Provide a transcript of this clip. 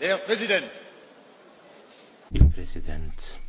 Herr Präsident! President.